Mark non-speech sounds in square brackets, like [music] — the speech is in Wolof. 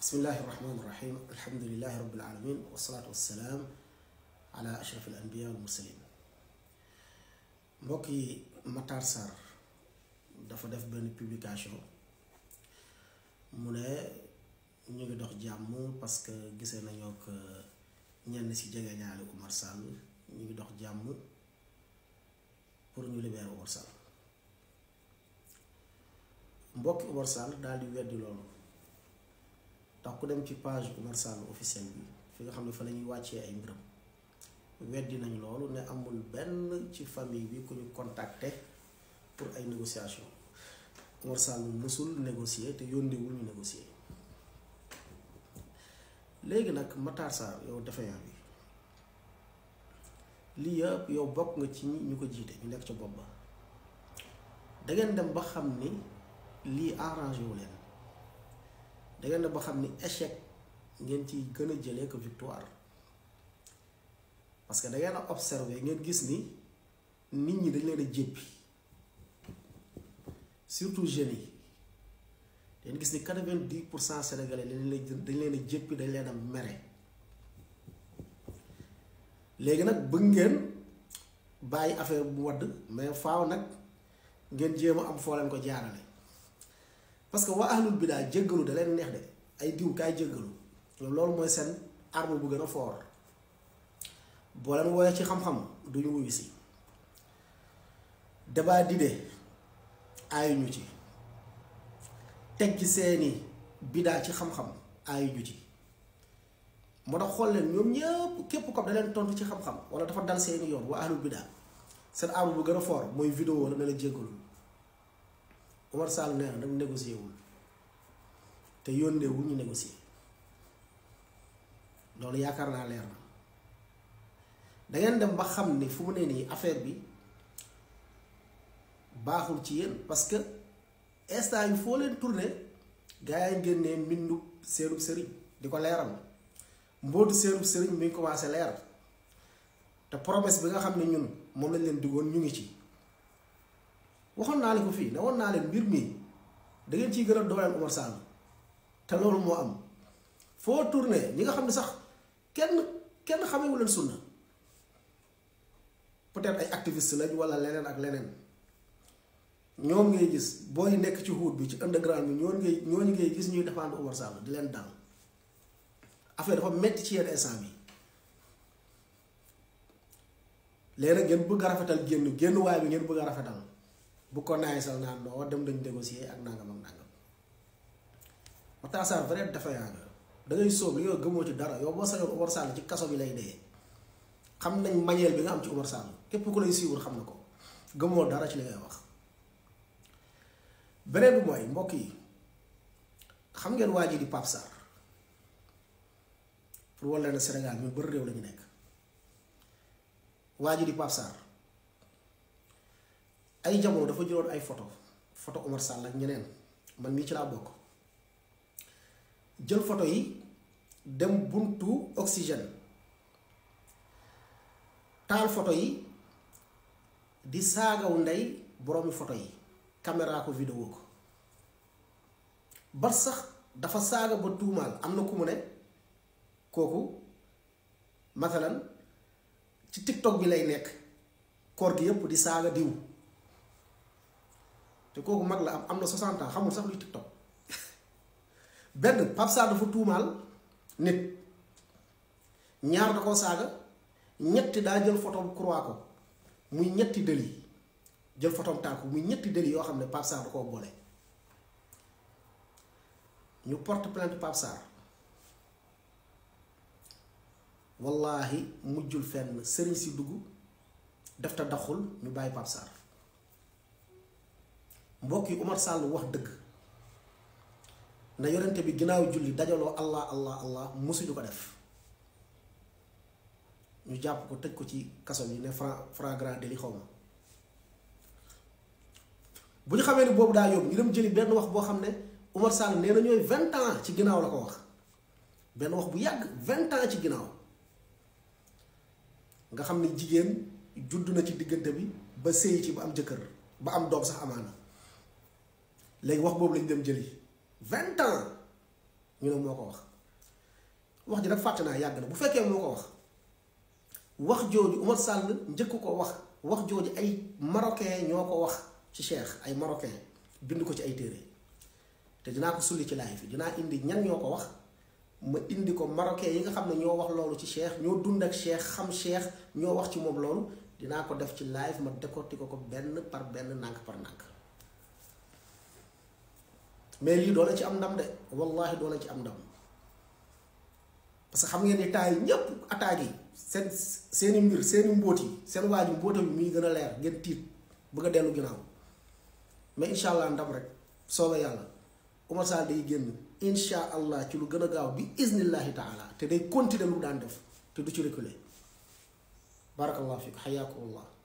bismillahi irrahmani irrahim alhamdulilahi rabbil alamin wasalaatu wassalaam ala ashraf al wal mursalin mbokk yi Matar dafa def benn publication mu ne ñu ngi dox jàmm parce que gisee nañoo ko euh, ñenn ci jege ñaali Oumar ñu ngi dox jàmm pour ñu libérer Oumar Sall mbokki Oumar Sall daal di weddi loolu à dem page commerciale officiel bi fi nga fa lañuy waccé ay loolu ne amul benn famille bi ku ñu contacter pour ay négociation Commercial, musul négocier ñu négocier légui nak Matar sa yow bi li yëpp yow bokk nga ci ñu ko jité ñu nekk ci da ngeen dem ba arrangé wu dangeen ngeen na ba xam ni échec ngeen ci gën a jëlee ko victoire parce que da ngeen a observé ngeen gis ni nit ñi dañ leen a jéppi surtout jeunes yi dañ gis ni quatre di pour cent sénégalais dañ leen dañ leen a jéppi dañ leen a mere léegi nag bëgg ngeen bàyyi affaire bu wadd mais faaw nag ngeen jéem am foo leen ko jaarale. parce que waa ahlul bidaa jéggalu daleen neex de ay diw kaay jéggalu loolu mooy seen arme bu gën a foor boo leen woowee ci xam-xam duñu wuyu si débat d'idées aayuñu ci teg ci seeni bidaa ci xam-xam aayuñu ci moo tax xool leen ñoom ñëpp képp ko da leen tontu ci xam-xam wala dafa dal seeni yoon waa ahlul bidaa seen arme bu gën a foor mooy vidéo la ne la jéggalul Omar Sall nee na négocier wul te yónnee wu ñu négocier lolu yaakar na leer na da ngeen dem ba xam ni fu mu ne nii affaire bi baaxul ci yéen parce que instant yi foo leen tourner gars yi ngeen ne mbindu seenub sëriñ di ko leeral mbootu seenub sëriñ mi ngi commencé leer te promesse bi nga xam ne ñun moom lañ leen digoon ñu ngi ci. waxoon naa leen fii ne naa leen mbir mi da ngeen ciy gën a dooleel Omar Sall te loolu moo am foo tourné ñi nga xam ne sax kenn kenn xamewu leen sunna peut-être ay activiste lañ walla leneen ak leneen ñoom ngay gis booy nekk ci huut bi ci underground bi ñooñu ngay ñooñu ngay gis ñuy défendre Omar Sall di leen daal affaire dafa metti ci yenn instant bi léegi nag ngeen bëgg a rafetal génn génn waay bi ngeen bëgg a rafetal. bu ko naay sal naan noo dem dañ négocier ak nangam ak nangam Matar Sarr vrai dafa yaa nga da ngay gëmoo ci dara yow boo sañoon Omar Sall ci kaso bi lay dee xam nañ mañeel bi nga am ci Omar Sall képp ku lay suivre xam na ko gëmoo dara ci li ngay wax. beneen bi mooy mbokk yi xam ngeen waa ji di Pape Sarr pour wàllu leen Sénégal ñu bari réew la nekk waa ji di Pape Sarr. ay jamono dafa jëloon ay photo photo Omar Sall ñeneen man mii ci laa bokk jël photo yi dem buntu oxygène taal photo yi di saagaw ndey boroomi photo yi caméra ko vidéo ko ba sax dafa saaga ba tuumaal am na ku mu ne kooku mathalan ci tiktok bi lay nekk koor gi yépp di saaga diw te kooku mag la am am na 60 ans xamul sax luy TikTok [laughs] benn Pape Sarr dafa tuumaal nit ñaar da koo saaga ñetti daa jël photom croix ko muy ñetti dëli jël photom tànk muy ñetti dëli yoo xam ne Pape da koo boole ñu porte plainte Pape Sarr wallaahi mujjul fenn sëriñ si dugg def te daxul ñu bàyyi Pape mbokk yi Umar Sall wax dëgg na yorente bi ginnaaw julli dajaloo allah allah allah musuñu ko def ñu jàpp ko teg ko ci kaso yi ne fra flagrant délit xaw ma bu ñu xamee ne boobu daa yóbbu ñu dem jëli benn wax boo xam ne Umar Sall nee na ñooy vingt ans ci ginnaaw la ko wax benn wax bu yàgg vingt ans ci ginnaaw nga xam ne jigéen judd na ci diggante bi ba sëy ci ba am jëkkër ba am doom sax amaana léegi wax boobu lañ dem jëli vingt ans ñu ne moo ko wax wax ji nag yàgg na bu fekkee moo wax wax jooju Oumar sàll njëkk ko wax wax jooju ay marocain ñoo ko wax ci Cheikh ay marocain bind ko ci ay téere te dinaa ko sulli ci laay fi dinaa indi ñan ñoo ko wax ma indi ko marocain yi nga xam ne ñoo wax loolu ci Cheikh ñoo dund ak Cheikh xam Cheikh ñoo wax ci moom loolu dinaa ko def ci live ma décortiquer ko ko benn par benn nànk par nànk mais lii doo la ci am ndam de wallahi doo la ci am ndam parce que xam ngeen ni temps yi ñëpp attaques yi seen seeni mbir seen i mbóot yi seen waa ji mbóotam yi muy gën a leer ngeen tiit bëgg a dellu ginnaaw mais incha allah ndam rek soobee yàlla Oumar day génn incha allah ci lu gën a gaaw bi iznillahi taala te day continuer lu daan def te du ci reculer barakallahu fiik xayaakumullah